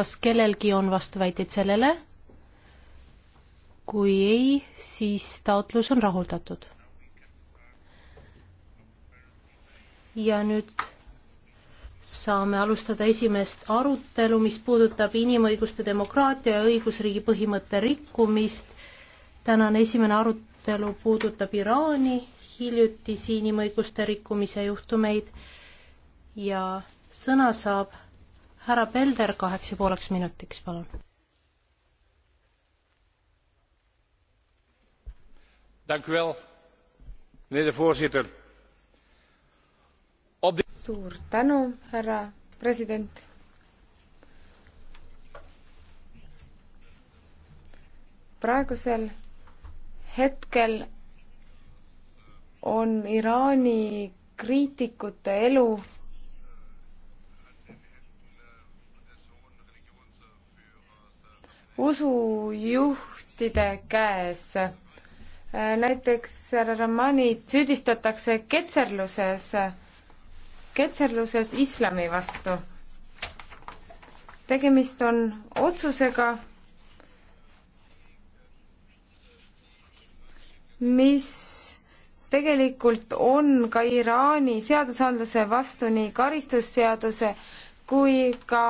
kas kellelgi on vastuväiteid sellele? kui ei, siis taotlus on rahuldatud. ja nüüd saame alustada esimest arutelu, mis puudutab inimõiguste demokraatia ja õigusriigi põhimõtte rikkumist. tänane esimene arutelu puudutab Iraani hiljutisi inimõiguste rikkumise juhtumeid ja sõna saab härra Pelder kaheks ja pooleks minutiks, palun. suur tänu, härra president. praegusel hetkel on Iraani kriitikute elu usujuhtide käes. näiteks härra Rahmani süüdistatakse ketserluses, ketserluses islami vastu. tegemist on otsusega, mis tegelikult on ka Iraani seadusandluse vastu nii karistusseaduse kui ka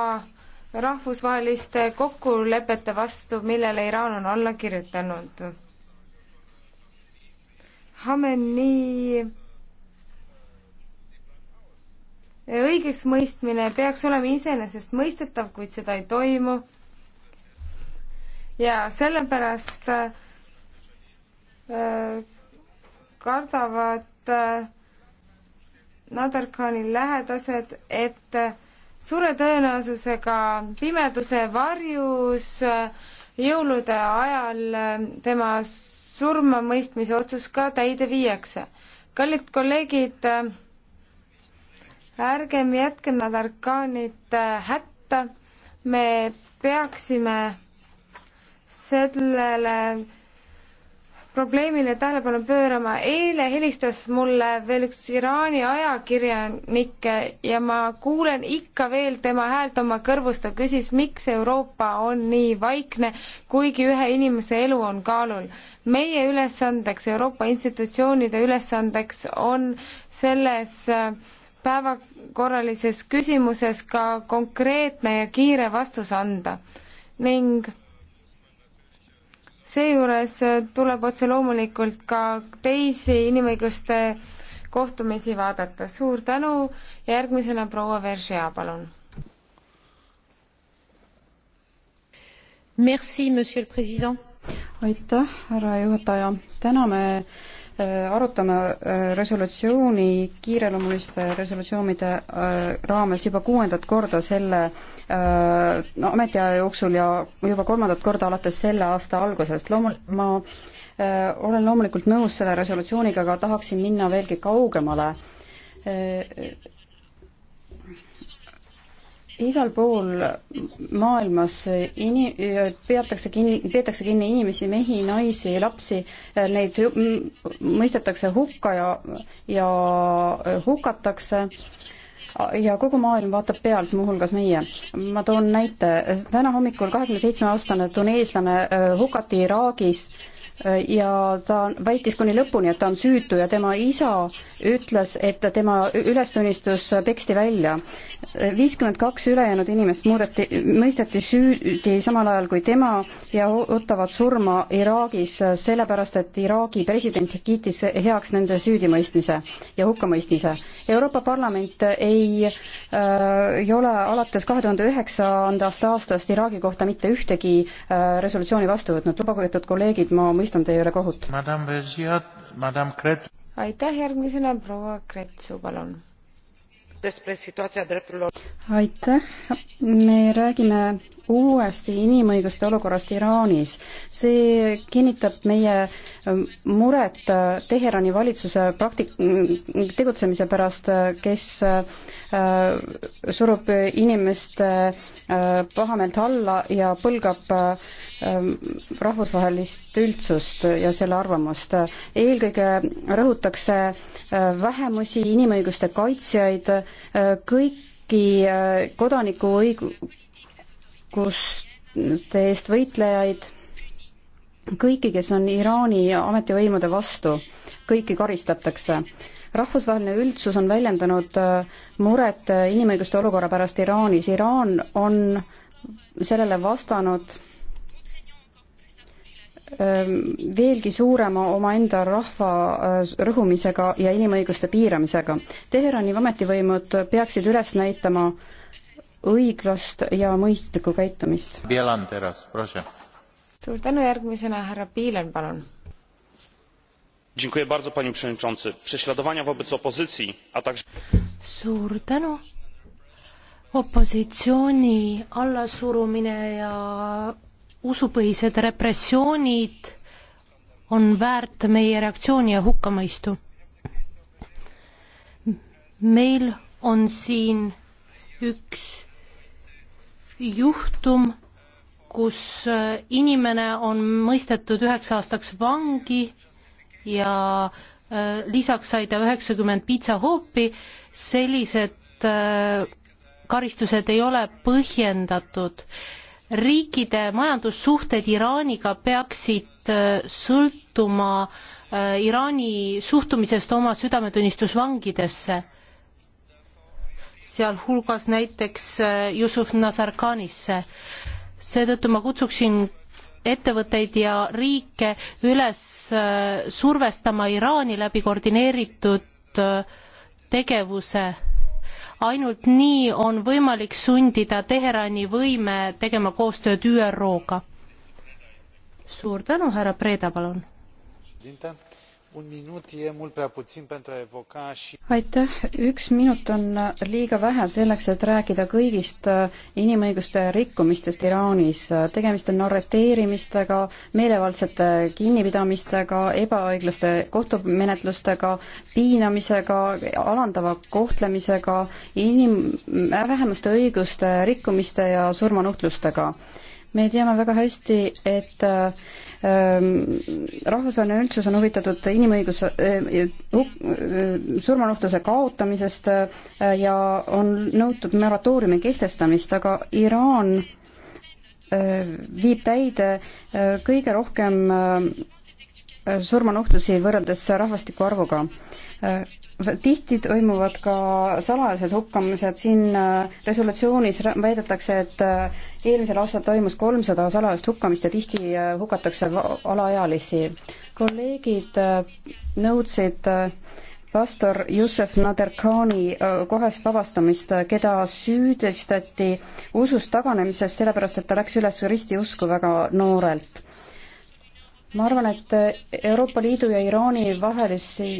rahvusvaheliste kokkulepete vastu, millele Iraan on alla kirjutanud. Hameni õigeksmõistmine peaks olema iseenesestmõistetav, kuid seda ei toimu. ja sellepärast äh, kardavad äh, Nadarkhani lähedased, et äh, suure tõenäosusega pimeduse varjus jõulude ajal tema surmamõistmise otsus ka täide viiakse. kallid kolleegid, ärgem jätkem nad arkaanid hätta, me peaksime sellele probleemile tähelepanu pöörama. eile helistas mulle veel üks Iraani ajakirjanik ja ma kuulen ikka veel tema häält oma kõrvus. ta küsis, miks Euroopa on nii vaikne, kuigi ühe inimese elu on kaalul. meie ülesandeks, Euroopa institutsioonide ülesandeks on selles äh, päevakorralises küsimuses ka konkreetne ja kiire vastus anda ning seejuures tuleb otse loomulikult ka teisi inimõiguste kohtumisi vaadata. suur tänu ja järgmisena proua Veržea, palun. aitäh, härra juhataja. täna me äh, arutame äh, resolutsiooni, kiireloomuliste resolutsioonide äh, raames juba kuuendat korda selle Äh, no, ametiaja jooksul ja juba kolmandat korda alates selle aasta algusest. loomul-, ma äh, olen loomulikult nõus selle resolutsiooniga, aga tahaksin minna veelgi kaugemale äh,. igal pool maailmas ini-, peatakse kinni, peetakse kinni inimesi, mehi, naisi, lapsi, neid mõistetakse hukka ja, ja hukatakse äh, ja kogu maailm vaatab pealt, muuhulgas meie. ma toon näite, täna hommikul kahekümne seitsme aastane tuneeslane äh, hukati Iraagis äh, ja ta väitis kuni lõpuni, et ta on süütu ja tema isa ütles, et tema ülestunnistus peksti välja. viiskümmend kaks ülejäänud inimest muudeti, mõisteti süüdi samal ajal kui tema ja ootavad surma Iraagis, sellepärast et Iraagi president kiitis heaks nende süüdimõistmise ja hukkamõistmise. Euroopa Parlament ei äh,, ei ole alates kahe tuhande üheksandast aastast Iraagi kohta mitte ühtegi äh, resolutsiooni vastu võtnud, lugupeetud kolleegid, ma mõistan, mõistan teie üle kohut. aitäh, järgmisena proua Kretsu, palun. aitäh, me räägime uuesti inimõiguste olukorrast Iraanis. see kinnitab meie ähm, muret äh, Teherani valitsuse praktik-, mm, tegutsemise pärast, äh, kes äh, surub inimeste Äh, pahameelt alla ja põlgab äh, rahvusvahelist üldsust ja selle arvamust. eelkõige rõhutakse äh, vähemusi, inimõiguste kaitsjaid, kõiki kodanikuõiguste eest võitlejaid, kõiki, kes on Iraani ametivõimude vastu, kõiki karistatakse rahvusvaheline üldsus on väljendanud äh, muret äh, inimõiguste olukorra pärast Iraanis. Iraan on sellele vastanud ähm, veelgi suurema omaenda rahva äh, rõhumisega ja inimõiguste piiramisega. Teherani ametivõimud peaksid üles näitama õiglast ja mõistlikku käitumist. suur tänu, järgmisena härra Piilen, palun prześladowania wobec opozycji a także. suur tänu opositsiooni allasurumine ja usupõhised repressioonid on väärt meie reaktsiooni ja hukkamõistu. meil on siin üks juhtum, kus inimene on mõistetud üheks aastaks vangi ja äh, lisaks sai ta üheksakümmend piitsahoopi, sellised äh, karistused ei ole põhjendatud. riikide majandussuhted Iraaniga peaksid äh, sõltuma Iraani suhtumisest oma südametunnistusvangidesse, sealhulgas näiteks Yusuf Nazarkanisse. seetõttu ma kutsuksin ettevõtteid ja riike üles äh, survestama Iraani läbi koordineeritud äh, tegevuse. ainult nii on võimalik sundida Teherani võime tegema koostööd ÜRO-ga. suur tänu, härra Preeda, palun. E aitäh, üks minut on liiga vähe selleks, et rääkida kõigist äh, inimõiguste rikkumistest Iraanis. tegemist on arreteerimistega, meelevaldsete kinnipidamistega, ebaõiglaste kohtumenetlustega, piinamisega, alandava kohtlemisega, inim-, äh, vähemuste õiguste rikkumiste ja surmanuhtlustega me teame väga hästi, et äh, Ehm, rahvusvaheline üldsus on huvitatud inimõigus- äh,, surmanuhtluse kaotamisest eh, ja on nõutud moratooriumi kehtestamist, aga Iraan viib täide kõige rohkem surmanuhtlusi võrreldes rahvastiku arvuga tihti toimuvad ka salajased hukkamised, siin äh, resolutsioonis väidetakse, et äh, eelmisel aastal toimus kolmsada salajast hukkamist ja tihti äh, hukatakse alaealisi. kolleegid nõudsid pastor Jussef Naderkhani kohest vabastamist, keda süüdistati usust taganemises, sellepärast et ta läks üles ristiusku väga noorelt. ma arvan, et Euroopa Liidu ja Iraani vahelisi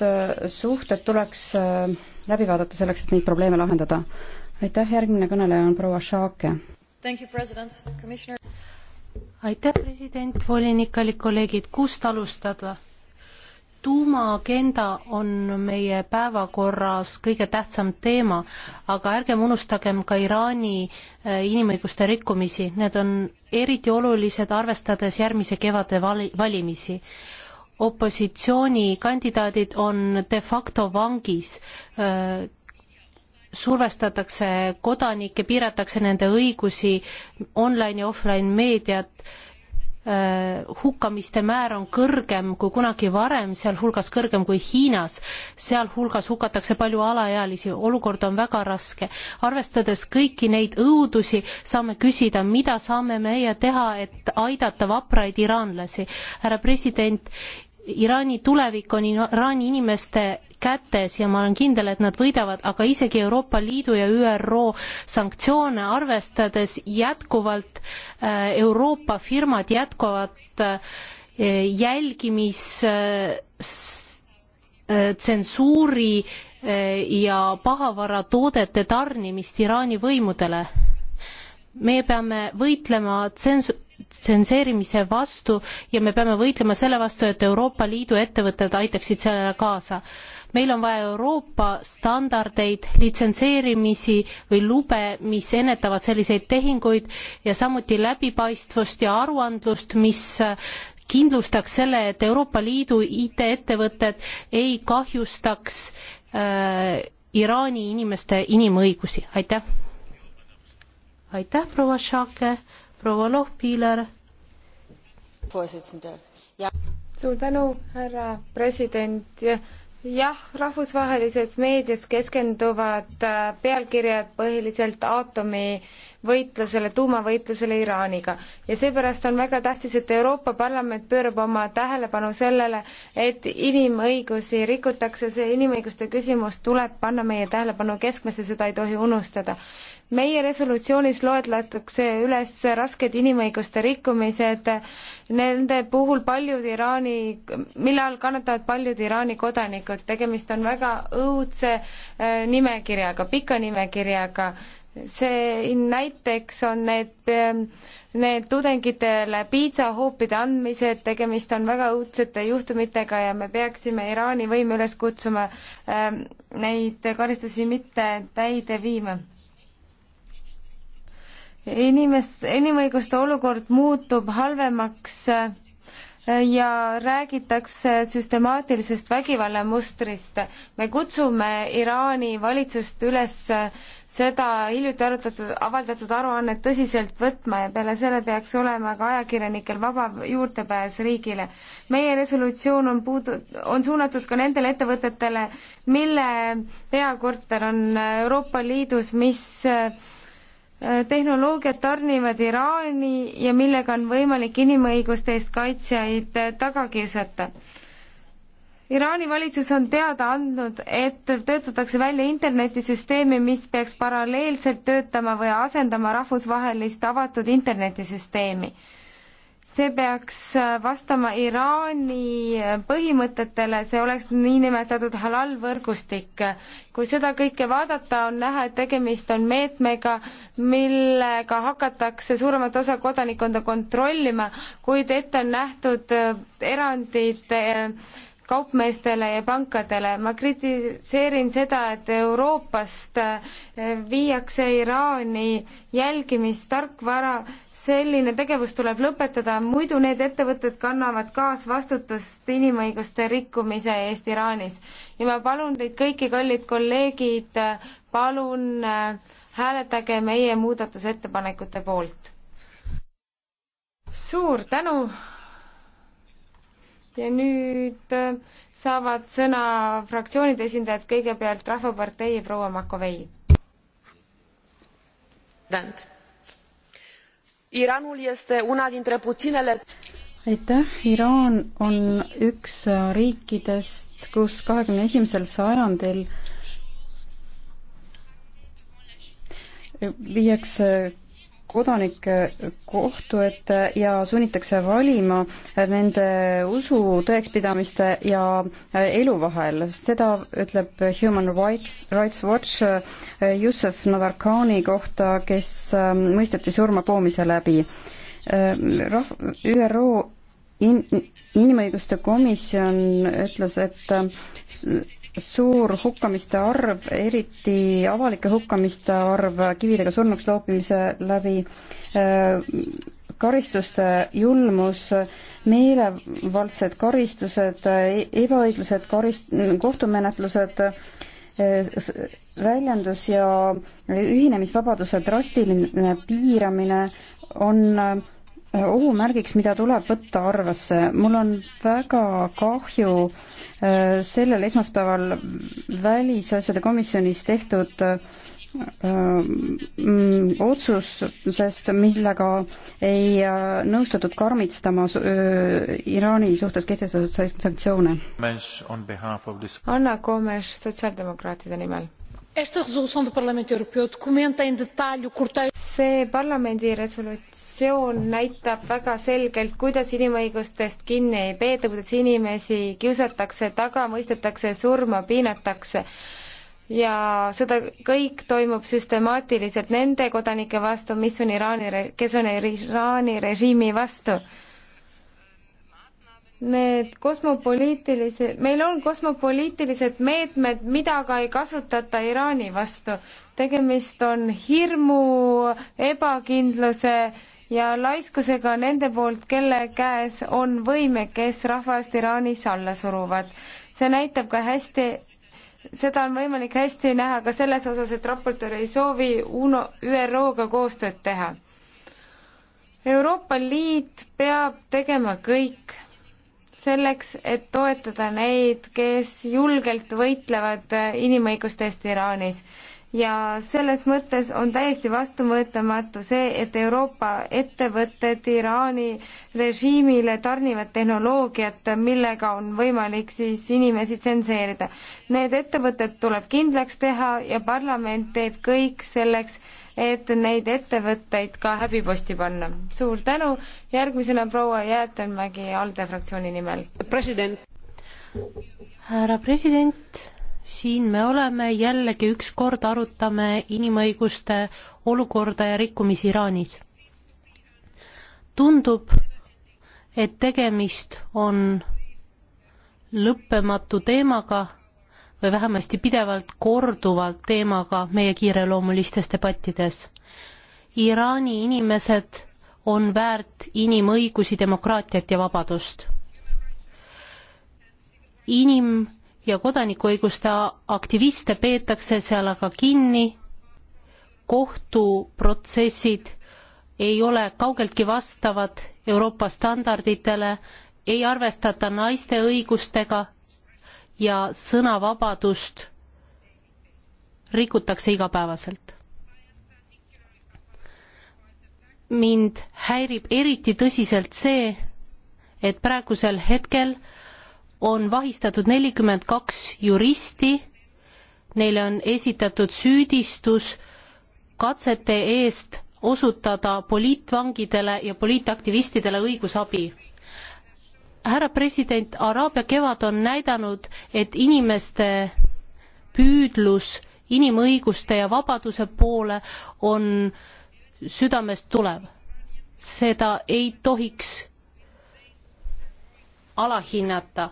et äh, suhted tuleks äh, läbi vaadata selleks, et neid probleeme lahendada. aitäh, järgmine kõneleja on proua Šaake. aitäh, president, volinik, kallid kolleegid, kust alustada? tuumaagenda on meie päevakorras kõige tähtsam teema, aga ärgem unustagem ka Iraani äh, inimõiguste rikkumisi, need on eriti olulised, arvestades järgmise kevade vali-, valimisi opositsioonikandidaadid on de facto vangis, survestatakse kodanikke, piiratakse nende õigusi, online ja offline meediat, hukkamiste määr on kõrgem kui kunagi varem, sealhulgas kõrgem kui Hiinas, sealhulgas hukatakse palju alaealisi, olukord on väga raske. arvestades kõiki neid õudusi, saame küsida, mida saame meie teha, et aidata vapraid iraanlasi. härra president, Iraani tulevik on Iraani inimeste kätes ja ma olen kindel, et nad võidavad, aga isegi Euroopa Liidu ja ÜRO sanktsioone arvestades jätkuvalt äh, Euroopa firmad jätkuvad äh, jälgimistsensuuri äh, ja pahavara toodete tarnimist Iraani võimudele meie peame võitlema tsens-, tsenseerimise vastu ja me peame võitlema selle vastu, et Euroopa Liidu ettevõtted aitaksid sellele kaasa. meil on vaja Euroopa standardeid, litsenseerimisi või lube, mis ennetavad selliseid tehinguid ja samuti läbipaistvust ja aruandlust, mis kindlustaks selle, et Euroopa Liidu IT-ettevõtted ei kahjustaks äh, Iraani inimeste inimõigusi, aitäh! aitäh, proua Šake, proua Lohpiiler. suur tänu, härra president jah, rahvusvahelises meedias keskenduvad äh, pealkirjad põhiliselt aatomi võitlusele, tuumavõitlusele Iraaniga. ja seepärast on väga tähtis, et Euroopa Parlament pöörab oma tähelepanu sellele, et inimõigusi rikutakse, see inimõiguste küsimus tuleb panna meie tähelepanu keskmesse, seda ei tohi unustada. meie resolutsioonis loetletakse üles rasked inimõiguste rikkumised, nende puhul paljud Iraani, mille all kannatavad paljud Iraani kodanikud, tegemist on väga õudse äh, nimekirjaga, pika nimekirjaga see näiteks on need, ähm, need tudengitele piitsahoopide andmised, tegemist on väga õudsete juhtumitega ja me peaksime Iraani võime üles kutsuma ähm, neid karistusi mitte täide viima. inimes-, inimõiguste olukord muutub halvemaks äh, ja räägitakse süstemaatilisest vägivallamustrist. me kutsume Iraani valitsust üles seda hiljuti arutatud, avaldatud aruannet tõsiselt võtma ja peale selle peaks olema ka ajakirjanikel vaba juurdepääs riigile. meie resolutsioon on puudu, on suunatud ka nendele ettevõtetele, mille peakorter on Euroopa Liidus, mis Äh, tehnoloogiat tarnivad Iraani ja millega on võimalik inimõiguste eest kaitsjaid äh, taga kiusata. Iraani valitsus on teada andnud, et töötatakse välja internetisüsteemi, mis peaks paralleelselt töötama või asendama rahvusvahelist avatud internetisüsteemi see peaks vastama Iraani põhimõtetele, see oleks niinimetatud halal võrgustik. kui seda kõike vaadata, on näha, et tegemist on meetmega, millega hakatakse suuremat osa kodanikkonda kontrollima, kuid ette on nähtud äh, erandid äh, kaupmeestele ja pankadele. ma kritiseerin seda, et Euroopast äh, viiakse Iraani jälgimistarkvara selline tegevus tuleb lõpetada, muidu need ettevõtted kannavad kaasvastutust inimõiguste rikkumise eest Iraanis. ja ma palun teid kõiki, kallid kolleegid, palun äh, hääletage meie muudatusettepanekute poolt. suur tänu! ja nüüd äh, saavad sõna fraktsioonide esindajad, kõigepealt Rahvapartei ja proua Makovei. tänud Iraanul este una dintre puținele aitäh, Iraan on üks riikidest, kus kahekümne esimesel sajandil viiakse kodanikke kohtu ette ja sunnitakse valima nende usu tõekspidamiste ja äh, elu vahel. seda ütleb Human Rights, Rights Watch äh, Youssef Nadarkhani kohta, kes äh, mõisteti surma toomise läbi. Rah-, ÜRO in-, inimõiguste komisjon ütles, et suur hukkamiste arv, eriti avalike hukkamiste arv kividega surnuks loopimise läbi, äh, karistuste julmus, meelevaldsed karistused, ebaõiglased karist-, kohtumenetlused, äh, väljendus- ja ühinemisvabaduse drastiline piiramine on äh, ohumärgiks, mida tuleb võtta arvesse. mul on väga kahju äh, sellel esmaspäeval välisasjade komisjonis tehtud äh, mm, otsus, sest millega ei äh, nõustutud karmistama Iraani suhtes kehtestatud sanktsioone. Anna Komes sotsiaaldemokraatide nimel see parlamendi resolutsioon näitab väga selgelt, kuidas inimõigustest kinni ei peeta, kuidas inimesi kiusatakse taga, mõistetakse surma, piinatakse ja seda kõik toimub süstemaatiliselt nende kodanike vastu, mis on Iraani, kes on Iraani režiimi vastu need kosmopoliitilised, meil on kosmopoliitilised meetmed, mida aga ei kasutata Iraani vastu. tegemist on hirmu, ebakindluse ja laiskusega nende poolt, kelle käes on võime, kes rahvast Iraanis alla suruvad. see näitab ka hästi, seda on võimalik hästi näha ka selles osas, et raportöör ei soovi UNO, ÜRO-ga koostööd teha. Euroopa Liit peab tegema kõik selleks, et toetada neid, kes julgelt võitlevad inimõiguste eest Iraanis ja selles mõttes on täiesti vastuvõetamatu see, et Euroopa ettevõtted Iraani režiimile tarnivad tehnoloogiat, millega on võimalik siis inimesi tsenseerida. Need ettevõtted tuleb kindlaks teha ja parlament teeb kõik selleks, et neid ettevõtteid ka häbiposti panna. suur tänu, järgmisena proua Jäätenmägi ALDE fraktsiooni nimel. president. härra president siin me oleme jällegi ükskord arutame inimõiguste olukorda ja rikkumisi Iraanis. tundub, et tegemist on lõppematu teemaga või vähemasti pidevalt korduvalt teemaga meie kiireloomulistes debattides. Iraani inimesed on väärt inimõigusi, demokraatiat ja vabadust. inim- ja kodanikuõiguste aktiviste peetakse seal aga kinni, kohtuprotsessid ei ole kaugeltki vastavad Euroopa standarditele, ei arvestata naiste õigustega ja sõnavabadust rikutakse igapäevaselt. mind häirib eriti tõsiselt see, et praegusel hetkel äh, on vahistatud nelikümmend kaks juristi, neile on esitatud süüdistus katsete eest osutada poliitvangidele ja poliitaktivistidele õigusabi. härra president, Araabia kevad on näidanud, et inimeste püüdlus inimõiguste ja vabaduse poole on südamest tulev. seda ei tohiks alahinnata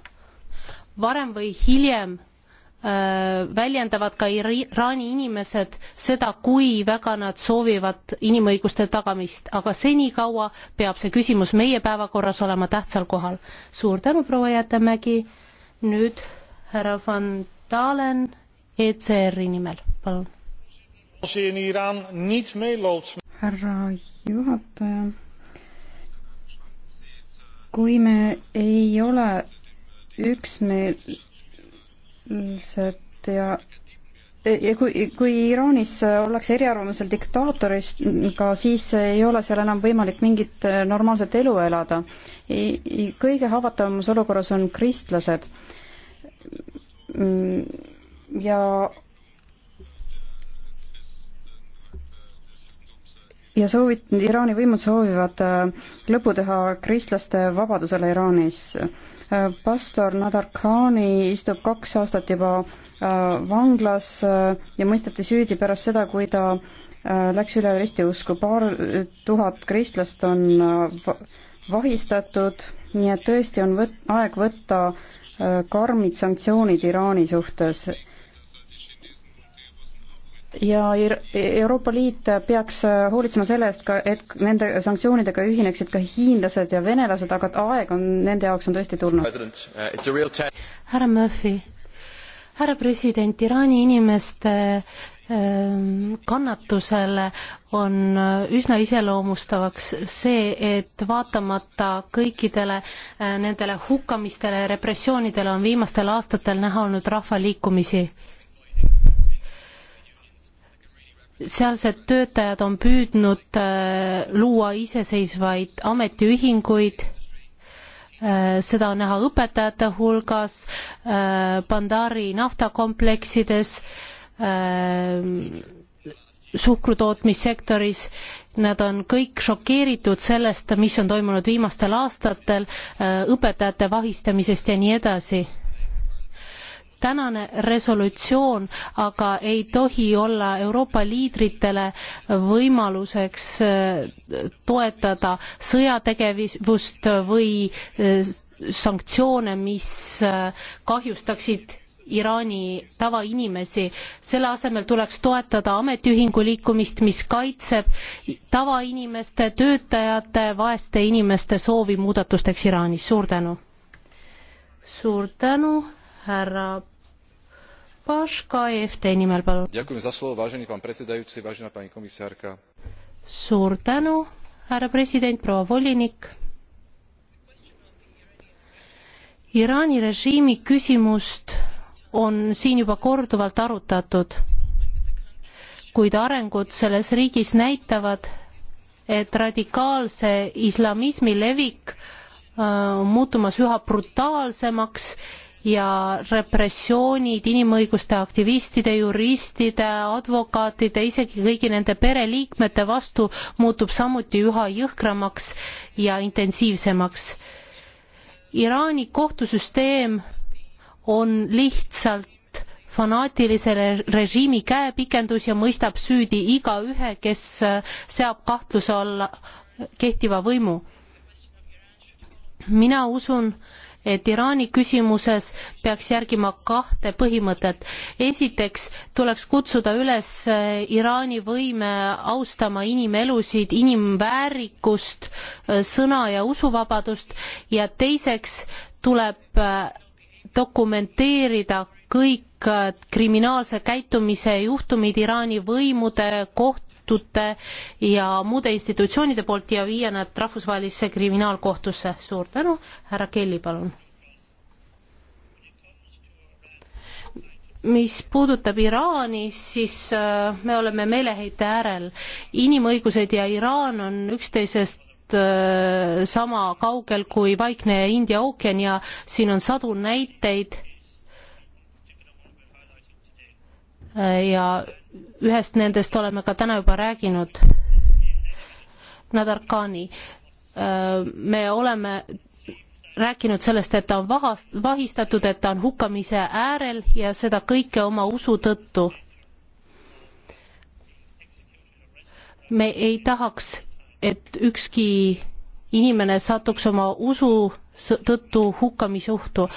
varem või hiljem äh, väljendavad ka Iraani inimesed seda, kui väga nad soovivad inimõiguste tagamist, aga senikaua peab see küsimus meie päevakorras olema tähtsal kohal. suur tänu, proua Jäätemägi, nüüd härra Van Dalen ECR-i nimel, palun. härra juhataja, kui me ei ole üksmeelset ja ja kui, kui Iraanis ollakse eriarvamusel diktaatoriga, siis ei ole seal enam võimalik mingit normaalset elu elada. kõige haavatavamas olukorras on kristlased. Mm, ja ja soovid, Iraani võimud soovivad äh, lõpu teha kristlaste vabadusele Iraanis pastor Nadar Khani istub kaks aastat juba äh, vanglas äh, ja mõisteti süüdi pärast seda, kui ta äh, läks üle ristiusku. paar tuhat kristlast on vahistatud, nii et tõesti on võt-, aeg võtta karmid sanktsioonid Iraani suhtes ja Euroopa Liit peaks hoolitsema selle eest ka, et nende sanktsioonidega ühineksid ka hiinlased ja venelased, aga aeg on, nende jaoks on tõesti tulnud. Uh, härra Murphy, härra president, Iraani inimeste ähm, kannatusele on äh, üsna iseloomustavaks see, et vaatamata kõikidele äh, nendele hukkamistele ja repressioonidele on viimastel aastatel näha olnud rahvaliikumisi sealsed töötajad on püüdnud äh, luua iseseisvaid ametiühinguid, äh, seda on näha õpetajate hulgas, Bandari äh, naftakompleksides, suhkrutootmissektoris, nad on kõik šokeeritud sellest, mis on toimunud viimastel aastatel, õpetajate vahistamisest ja nii edasi tänane resolutsioon aga ei tohi olla Euroopa liidritele võimaluseks äh, toetada sõjategevust või äh, sanktsioone, mis äh, kahjustaksid Iraani tavainimesi, selle asemel tuleks toetada ametiühingu liikumist, mis kaitseb tavainimeste, töötajate, vaeste inimeste soovi muudatusteks Iraanis, suur tänu! suur tänu! härra Paška EFT nimel, palun. suur tänu, härra president, proua volinik. Iraani režiimi küsimust on siin juba korduvalt arutatud, kuid arengud selles riigis näitavad, et radikaalse islamismi levik on äh, muutumas üha brutaalsemaks ja repressioonid inimõiguste aktivistide, juristide, advokaatide, isegi kõigi nende pereliikmete vastu muutub samuti üha jõhkramaks ja intensiivsemaks. Iraani kohtusüsteem on lihtsalt fanaatilisele režiimi käepikendus ja mõistab süüdi igaühe, kes seab kahtluse alla kehtiva võimu. mina usun, et Iraani küsimuses peaks järgima kahte põhimõtet. esiteks tuleks kutsuda üles eh, Iraani võime austama inimelusid, inimväärikust, eh, sõna- ja usuvabadust ja teiseks tuleb eh, dokumenteerida kõik kriminaalse käitumise juhtumid Iraani võimude kohta, kohtute ja muude institutsioonide poolt ja viia nad rahvusvahelisse kriminaalkohtusse. suur tänu, härra Kelly, palun. mis puudutab Iraani, siis äh, me oleme meeleheite äärel. inimõigused ja Iraan on üksteisest äh, sama kaugel kui Vaikne ja India ookean ja siin on sadu näiteid ja ühest nendest oleme ka täna juba rääginud, Nadarkani. me oleme rääkinud sellest, et ta on vahast, vahistatud, et ta on hukkamise äärel ja seda kõike oma usu tõttu. me ei tahaks, et ükski inimene satuks oma usu tõttu hukkamisohtu,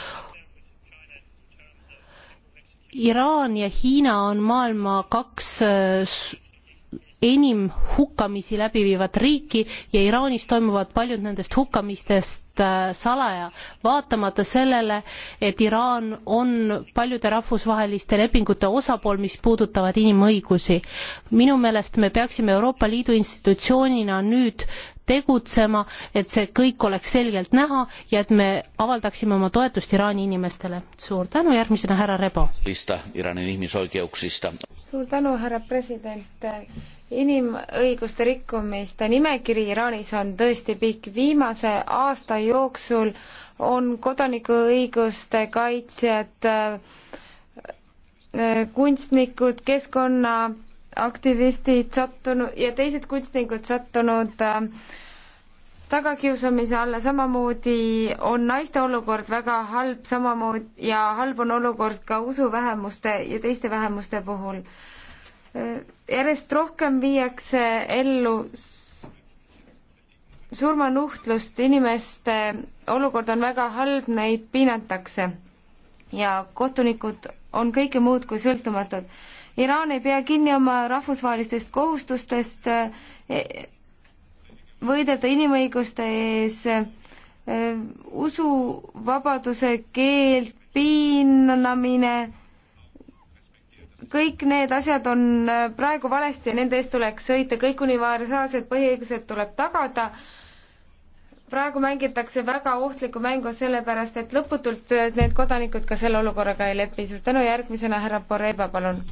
Iraan ja Hiina on maailma kaks äh, enim hukkamisi läbi viivat riiki ja Iraanis toimuvad paljud nendest hukkamistest äh, salaja, vaatamata sellele, et Iraan on paljude rahvusvaheliste lepingute osapool, mis puudutavad inimõigusi. minu meelest me peaksime Euroopa Liidu institutsioonina nüüd tegutsema, et see kõik oleks selgelt näha ja et me avaldaksime oma toetust Iraani inimestele. suur tänu, järgmisena härra Rebo. suur tänu, härra president. inimõiguste rikkumiste nimekiri Iraanis on tõesti pikk. viimase aasta jooksul on kodanikuõiguste kaitsjad kunstnikud, keskkonna aktivistid sattunud ja teised kunstnikud sattunud äh, tagakiusamise alla, samamoodi on naiste olukord väga halb, samamoodi ja halb on olukord ka usuvähemuste ja teiste vähemuste puhul. Äh, järjest rohkem viiakse ellu surmanuhtlust, inimeste olukord on väga halb, neid piinatakse ja kohtunikud on kõike muud kui sõltumatud Iraan ei pea kinni oma rahvusvahelistest kohustustest e, võidelda inimõiguste ees, e, usuvabaduse keeld, piinamine, kõik need asjad on e, praegu valesti ja nende eest tuleks sõita, kõik universaalsed põhiõigused tuleb tagada, praegu mängitakse väga ohtlikku mängu sellepärast, et lõputult need kodanikud ka selle olukorraga ei lepi. suur tänu, järgmisena härra Poreba, palun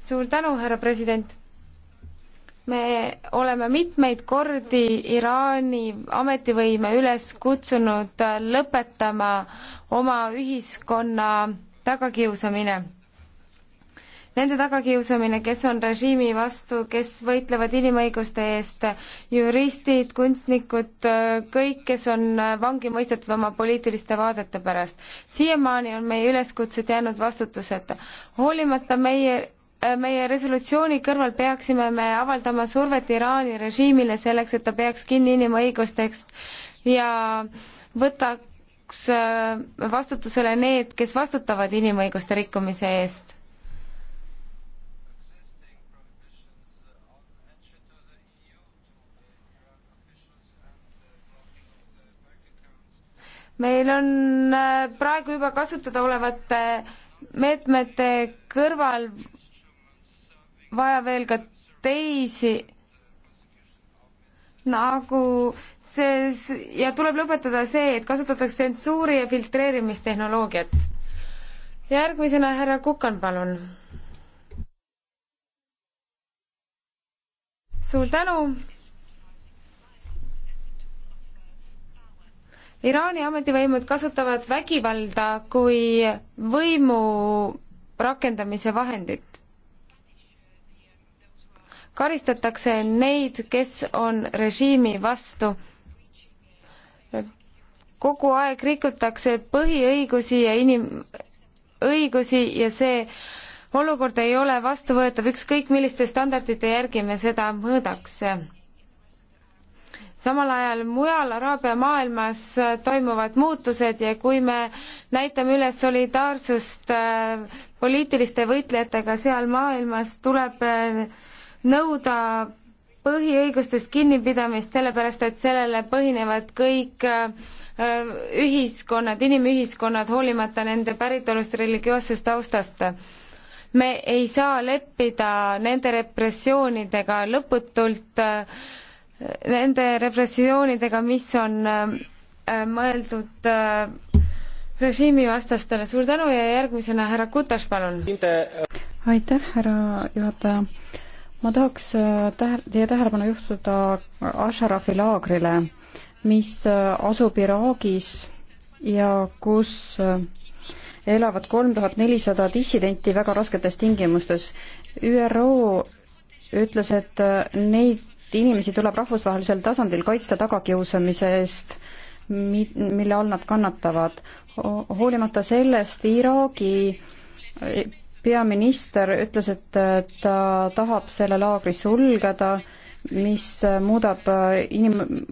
suur tänu, härra president. me oleme mitmeid kordi Iraani ametivõime üles kutsunud lõpetama oma ühiskonna tagakiusamine. Nende tagakiusamine, kes on režiimi vastu, kes võitlevad inimõiguste eest, juristid, kunstnikud, kõik, kes on vangi mõistetud oma poliitiliste vaadete pärast. siiamaani on meie üleskutsed jäänud vastutuseta. hoolimata meie Äh, meie resolutsiooni kõrval peaksime me avaldama survet Iraani režiimile selleks, et ta peaks kinni inimõigustest ja võtaks äh, vastutusele need, kes vastutavad inimõiguste rikkumise eest. meil on äh, praegu juba kasutada olevate meetmete kõrval vaja veel ka teisi nagu see ja tuleb lõpetada see, et kasutatakse tsensuuri ja filtreerimistehnoloogiat. järgmisena härra Kukan, palun. suur tänu. Iraani ametivõimud kasutavad vägivalda kui võimu rakendamise vahendit karistatakse neid, kes on režiimi vastu. kogu aeg rikutakse põhiõigusi ja inim-, õigusi ja see olukord ei ole vastuvõetav, ükskõik milliste standardite järgi me seda mõõdaks. samal ajal mujal Araabia maailmas toimuvad muutused ja kui me näitame üles solidaarsust äh, poliitiliste võitlejatega seal maailmas, tuleb äh, nõuda põhiõigustest kinnipidamist, sellepärast et sellele põhinevad kõik äh, ühiskonnad, inimühiskonnad, hoolimata nende päritolust, religioossest taustast. me ei saa leppida nende repressioonidega lõputult, äh, nende repressioonidega, mis on äh, mõeldud režiimivastastele. suur tänu ja järgmisena härra Kutas, palun! aitäh, härra juhataja! ma tahaks äh, tähe-, teie tähelepanu juhtuda Asharafi laagrile, mis äh, asub Iraagis ja kus äh, elavad kolm tuhat nelisada dissidenti väga rasketes tingimustes. ÜRO ütles, et neid inimesi tuleb rahvusvahelisel tasandil kaitsta tagakiusamise eest, mi-, mille all nad kannatavad. hoolimata sellest Iraagi peaminister ütles, et ta tahab selle laagri sulgeda, mis muudab inim-,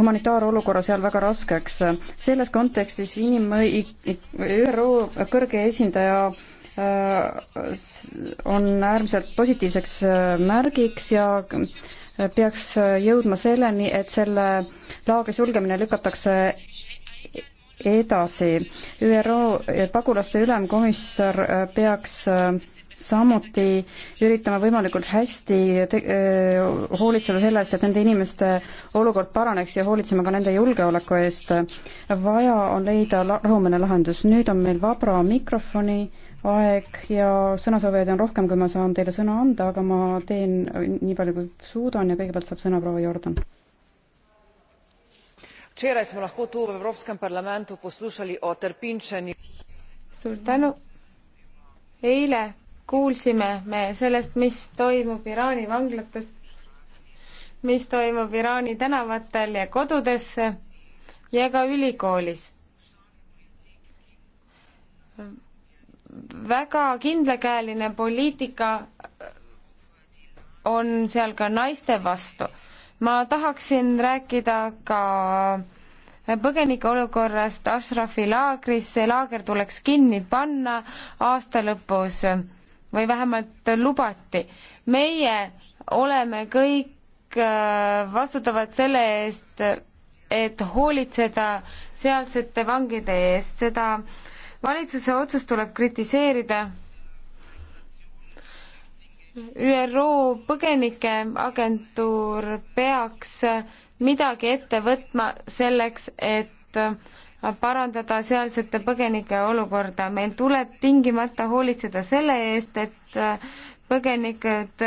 humanitaarolukorra seal väga raskeks. selles kontekstis inimõi-, ÜRO kõrge esindaja on äärmiselt positiivseks märgiks ja peaks jõudma selleni, et selle laagri sulgemine lükatakse edasi. ÜRO pagulaste ülemkomissar äh, peaks äh, samuti üritame võimalikult hästi äh, te, öö, hoolitseda selle eest, et nende inimeste olukord paraneks ja hoolitsema ka nende julgeoleku eest. vaja on leida rahumine lahendus. nüüd on meil vabra mikrofoni aeg ja sõnasoovijaid on rohkem, kui ma saan teile sõna anda, aga ma teen nii palju, kui suudan ja kõigepealt saab sõna proua Jordan včeraj smo lahko tu v evropskem parlamentu poslušali o trpinčenju suur tänu eile kuulsime me sellest mis toimub iraani vanglates mis toimub iraani tänavatel ja kodudesse ja ka ülikoolis väga kindlakäeline poliitika on seal ka naiste vastu ma tahaksin rääkida ka põgenike olukorrast Ashrafi laagris, see laager tuleks kinni panna aasta lõpus või vähemalt lubati. meie oleme kõik äh, vastutavad selle eest, et hoolitseda sealsete vangide eest, seda valitsuse otsust tuleb kritiseerida ÜRO põgenikeagentuur peaks midagi ette võtma selleks, et parandada sealsete põgenike olukorda. meil tuleb tingimata hoolitseda selle eest, et põgenikud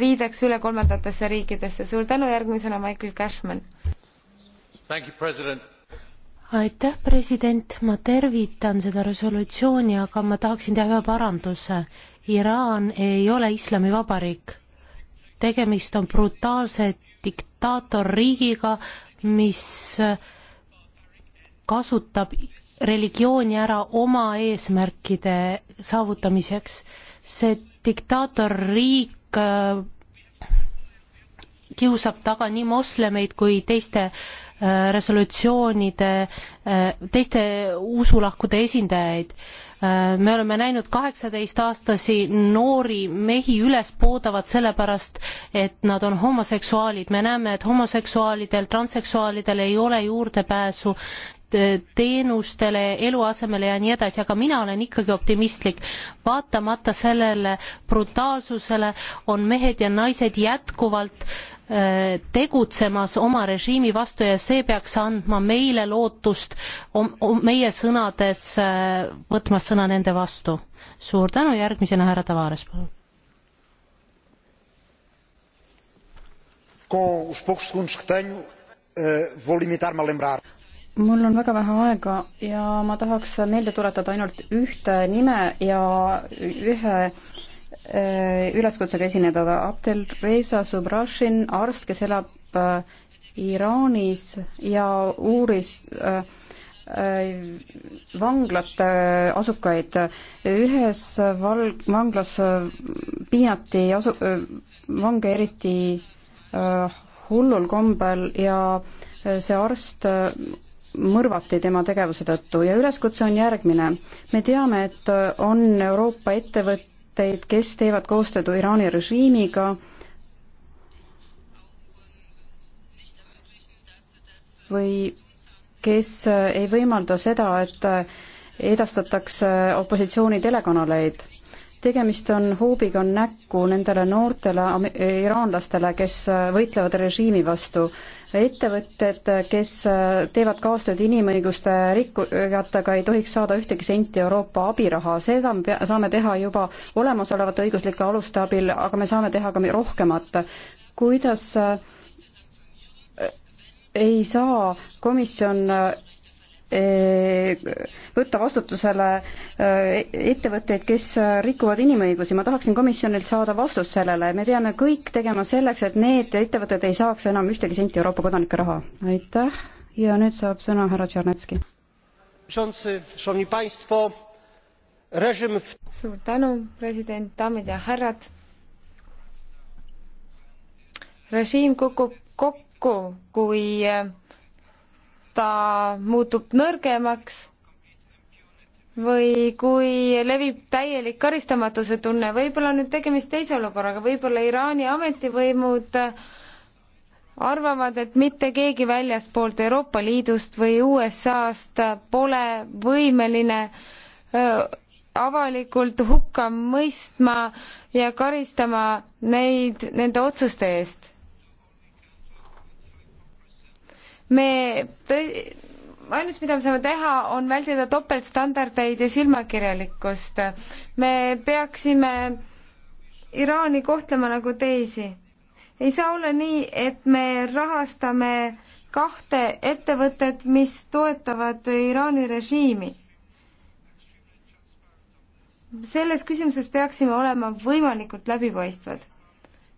viidaks üle kolmandatesse riikidesse. suur tänu, järgmisena Michael Cashman. aitäh, president, ma tervitan seda resolutsiooni, aga ma tahaksin teha ühe paranduse Iraan ei ole islamivabariik. tegemist on brutaalse diktaatorriigiga, mis kasutab religiooni ära oma eesmärkide saavutamiseks. see diktaatorriik äh, kiusab taga nii moslemeid kui teiste äh, resolutsioonide, äh, teiste usulahkude esindajaid Äh, me oleme näinud kaheksateistaastasi noori mehi üles poodavat sellepärast, et nad on homoseksuaalid, me näeme, et homoseksuaalidel, transseksuaalidel ei ole juurdepääsu teenustele, eluasemele ja nii edasi, aga mina olen ikkagi optimistlik. vaatamata sellele brutaalsusele on mehed ja naised jätkuvalt äh, tegutsemas oma režiimi vastu ja see peaks andma meile lootust om, om, meie sõnades äh, võtma sõna nende vastu. suur tänu, järgmisena härra Tavares, palun. E, mul on väga vähe aega ja ma tahaks meelde tuletada ainult ühte nime ja ühe Äh, üleskutsega esineda Abdel Reza Subrashin, arst, kes elab äh, Iraanis ja uuris äh, vanglate asukaid. ühes val-, vanglas piinati asu-, vange eriti hullul kombel ja see arst mõrvati tema tegevuse tõttu ja üleskutse on järgmine. me teame, et on Euroopa ettevõt-, ettevõtteid, kes teevad koostööd Iraani režiimiga või kes ei võimalda seda, et edastatakse opositsiooni telekanaleid. tegemist on hoobiga näkku nendele noortele iraanlastele, kes võitlevad režiimi vastu ettevõtted, kes äh, teevad kaastööd inimõiguste rikkujatega, ei tohiks saada ühtegi senti Euroopa abiraha, seda me saame teha juba olemasolevate õiguslike aluste abil, aga me saame teha ka rohkemat. kuidas äh, ei saa komisjon äh, Eh, võtta vastutusele eh, ettevõtteid, kes äh, rikuvad inimõigusi. ma tahaksin komisjonilt saada vastust sellele, me peame kõik tegema selleks, et need ettevõtted ei saaks enam ühtegi senti Euroopa kodanike raha. aitäh ja nüüd saab sõna härra Tšernetski. suur tänu, president, daamid ja härrad. režiim kukub kokku, kui äh, ta muutub nõrgemaks või kui levib täielik karistamatuse tunne, võib-olla on nüüd tegemist teise olukorraga, võib-olla Iraani ametivõimud arvavad, et mitte keegi väljaspoolt Euroopa Liidust või USA-st pole võimeline avalikult hukka mõistma ja karistama neid nende otsuste eest me tõ-, ainus, mida me saame teha, on vältida topeltstandardeid ja silmakirjalikkust. me peaksime Iraani kohtlema nagu teisi. ei saa olla nii, et me rahastame kahte ettevõtet, mis toetavad Iraani režiimi. selles küsimuses peaksime olema võimalikult läbipaistvad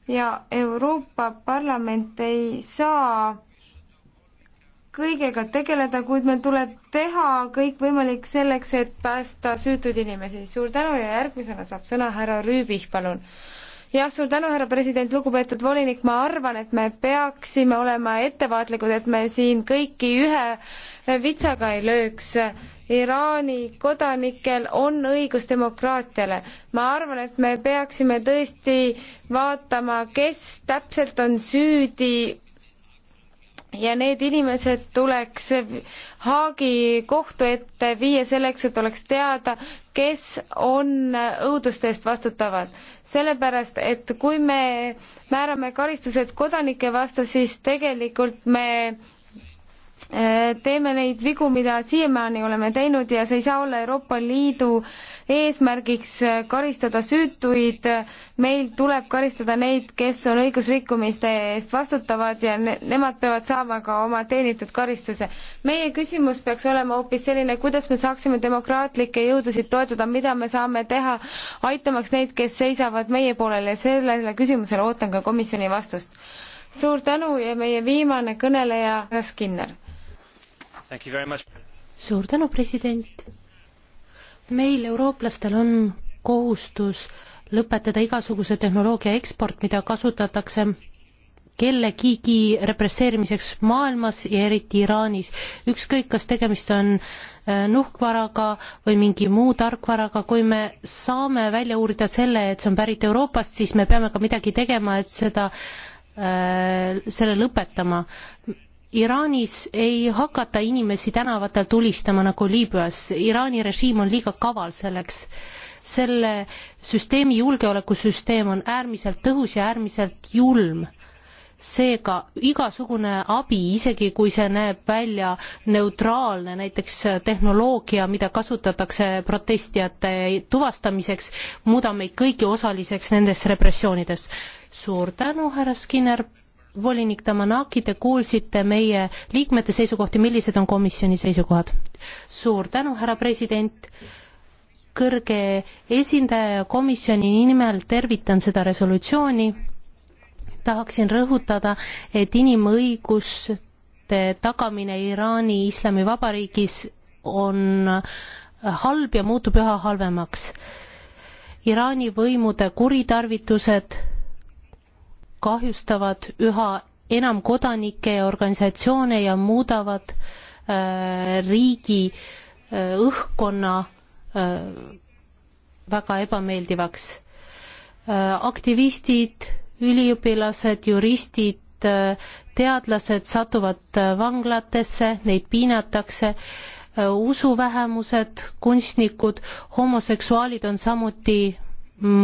ja Euroopa Parlament ei saa kõigega tegeleda, kuid meil tuleb teha kõik võimalik selleks, et päästa süütuid inimesi. suur tänu ja järgmisena saab sõna härra Rüübih, palun jah, suur tänu, härra president, lugupeetud volinik, ma arvan, et me peaksime olema ettevaatlikud, et me siin kõiki ühe vitsaga ei lööks. Iraani kodanikel on õigus demokraatiale. ma arvan, et me peaksime tõesti vaatama, kes täpselt on süüdi ja need inimesed tuleks Haagi kohtu ette viia selleks, et oleks teada, kes on õuduste eest vastutavad. sellepärast, et kui me määrame karistused kodanike vastu, siis tegelikult me Eh, teeme neid vigu, mida siiamaani oleme teinud ja see ei saa olla Euroopa Liidu eesmärgiks eh, karistada süütuid, meil tuleb karistada neid, kes on õigusrikkumiste eest vastutavad ja ne nemad peavad saama ka oma teenitud karistuse. meie küsimus peaks olema hoopis selline, kuidas me saaksime demokraatlikke jõudusid toetada, mida me saame teha, aitamaks neid, kes seisavad meie poolel ja sellele küsimusele ootan ka komisjoni vastust. suur tänu ja meie viimane kõneleja, Raskinner suur tänu, president. meil, eurooplastel, on kohustus lõpetada igasuguse tehnoloogia eksport, mida kasutatakse kellegigi represseerimiseks maailmas ja eriti Iraanis. ükskõik, kas tegemist on äh, nuhkvaraga või mingi muu tarkvaraga, kui me saame välja uurida selle, et see on pärit Euroopast, siis me peame ka midagi tegema, et seda, äh, selle lõpetama. Iraanis ei hakata inimesi tänavatel tulistama nagu Liibüas, Iraani režiim on liiga kaval selleks. selle süsteemi julgeolekusüsteem on äärmiselt tõhus ja äärmiselt julm. seega igasugune abi, isegi kui see näeb välja neutraalne, näiteks tehnoloogia, mida kasutatakse protestijate tuvastamiseks, muudab meid kõiki osaliseks nendes repressioonides. suur tänu, härra Skinner volinik Tamanaki, te kuulsite meie liikmete seisukohti, millised on komisjoni seisukohad? suur tänu, härra president, kõrge esindaja ja komisjoni nimel tervitan seda resolutsiooni, tahaksin rõhutada, et inimõiguste tagamine Iraani Islamivabariigis on halb ja muutub üha halvemaks. Iraani võimude kuritarvitused kahjustavad üha enam kodanikke ja organisatsioone ja muudavad äh, riigi äh, õhkkonna äh, väga ebameeldivaks äh,. aktivistid, üliõpilased, juristid äh,, teadlased satuvad äh, vanglatesse, neid piinatakse äh,, usuvähemused, kunstnikud, homoseksuaalid on samuti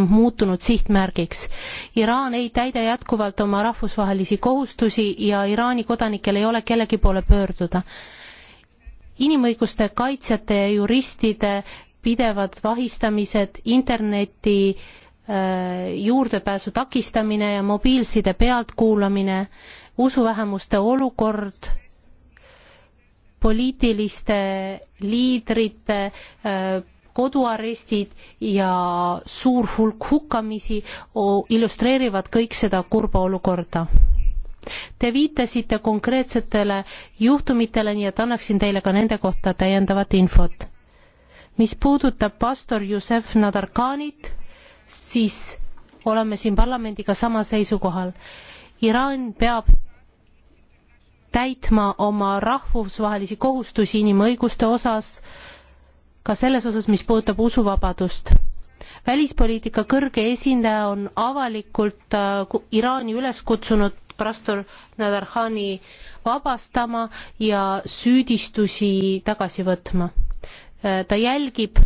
muutunud sihtmärgiks. Iraan ei täida jätkuvalt oma rahvusvahelisi kohustusi ja Iraani kodanikel ei ole kellegi poole pöörduda. inimõiguste kaitsjate ja juristide pidevad vahistamised, interneti äh, juurdepääsu takistamine ja mobiilside pealtkuulamine, usuvähemuste olukord, poliitiliste liidrite äh, koduarestid ja suur hulk hukkamisi illustreerivad kõik seda kurba olukorda. Te viitasite konkreetsetele juhtumitele, nii et annaksin teile ka nende kohta täiendavat infot. mis puudutab pastor Jusef Nadarkanit, siis oleme siin parlamendiga sama seisukohal. Iraan peab täitma oma rahvusvahelisi kohustusi inimõiguste osas äh, ka selles osas, mis puudutab usuvabadust. välispoliitika kõrge esindaja on avalikult äh, Iraani üles kutsunud prastor Nadarhani vabastama ja süüdistusi tagasi võtma äh,. ta jälgib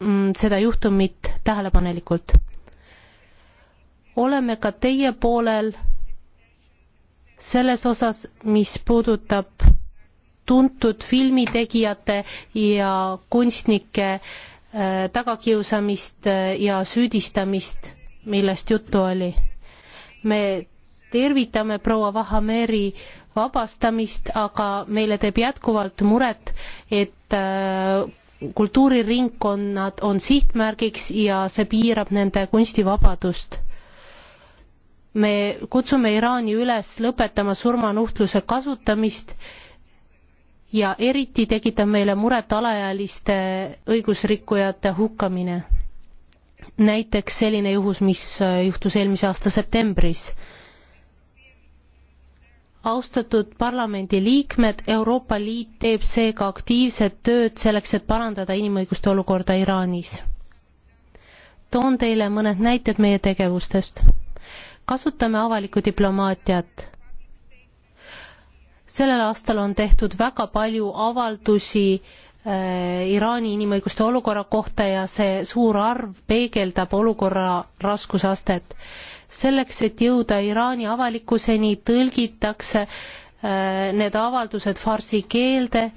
mm, seda juhtumit tähelepanelikult. oleme ka teie poolel selles osas, mis puudutab tuntud filmitegijate ja kunstnike äh, tagakiusamist äh, ja süüdistamist, millest juttu oli. me tervitame proua Vahameri vabastamist, aga meile teeb jätkuvalt muret, et äh, kultuuriringkonnad on sihtmärgiks ja see piirab nende kunstivabadust. me kutsume Iraani üles lõpetama surmanuhtluse kasutamist ja eriti tekitab meile muret alaealiste õigusrikkujate hukkamine. näiteks selline juhus, mis äh, juhtus eelmise aasta septembris. austatud parlamendiliikmed, Euroopa Liit teeb seega aktiivset tööd selleks, et parandada inimõiguste olukorda Iraanis. toon teile mõned näited meie tegevustest. kasutame avalikku diplomaatiat sellel aastal on tehtud väga palju avaldusi äh, Iraani inimõiguste olukorra kohta ja see suur arv peegeldab olukorra raskusastet. selleks, et jõuda Iraani avalikkuseni, tõlgitakse äh, need avaldused farsi keelde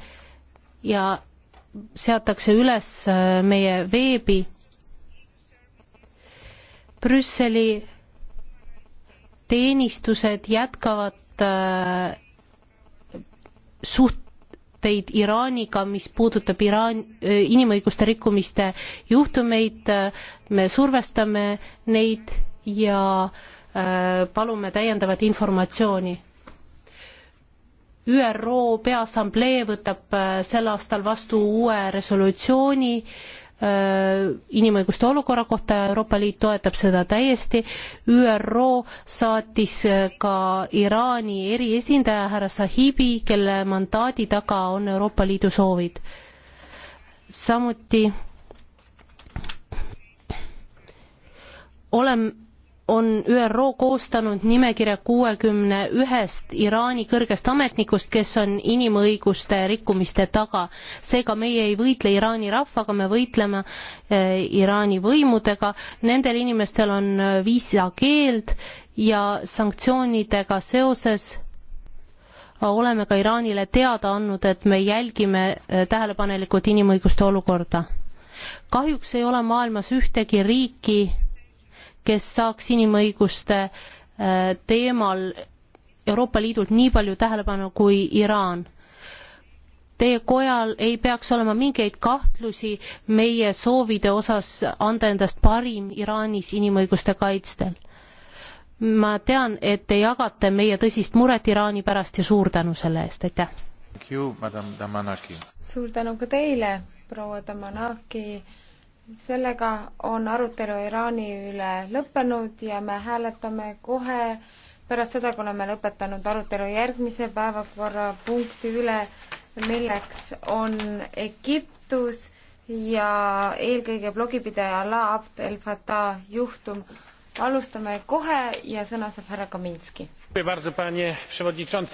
ja seatakse üles äh, meie veebi. Brüsseli teenistused jätkavad äh, suhteid Iraaniga, mis puudutab Iraan, äh, inimõiguste rikkumiste juhtumeid, äh, me survestame neid ja äh, palume täiendavat informatsiooni. ÜRO Peaassamblee võtab sel aastal vastu uue resolutsiooni äh, Äh, inimõiguste olukorra kohta ja Euroopa Liit toetab seda täiesti. ÜRO saatis äh, ka Iraani eriesindaja härra Sahibi, kelle mandaadi taga on Euroopa Liidu soovid. samuti olen on ÜRO koostanud nimekirja kuuekümne ühest Iraani kõrgest ametnikust, kes on inimõiguste rikkumiste taga. seega meie ei võitle Iraani rahvaga, me võitleme eh, Iraani võimudega, nendel inimestel on eh, viisakeeld ja sanktsioonidega seoses eh, oleme ka Iraanile teada andnud, et me jälgime tähelepanelikult inimõiguste olukorda. kahjuks ei ole maailmas ühtegi riiki, kes saaks inimõiguste äh, teemal Euroopa Liidult nii palju tähelepanu kui Iraan. Teie kojal ei peaks olema mingeid kahtlusi meie soovide osas anda endast parim Iraanis inimõiguste kaitstel. ma tean, et te jagate meie tõsist muret Iraani pärast ja suur tänu selle eest, aitäh! suur tänu ka teile, proua Damanaki sellega on arutelu Iraani üle lõppenud ja me hääletame kohe pärast seda, kui oleme lõpetanud arutelu järgmise päevakorrapunkti üle, milleks on Egiptus ja eelkõige blogipidaja Alaa Abd El Fattah juhtum. alustame kohe ja sõna saab härra Kaminski.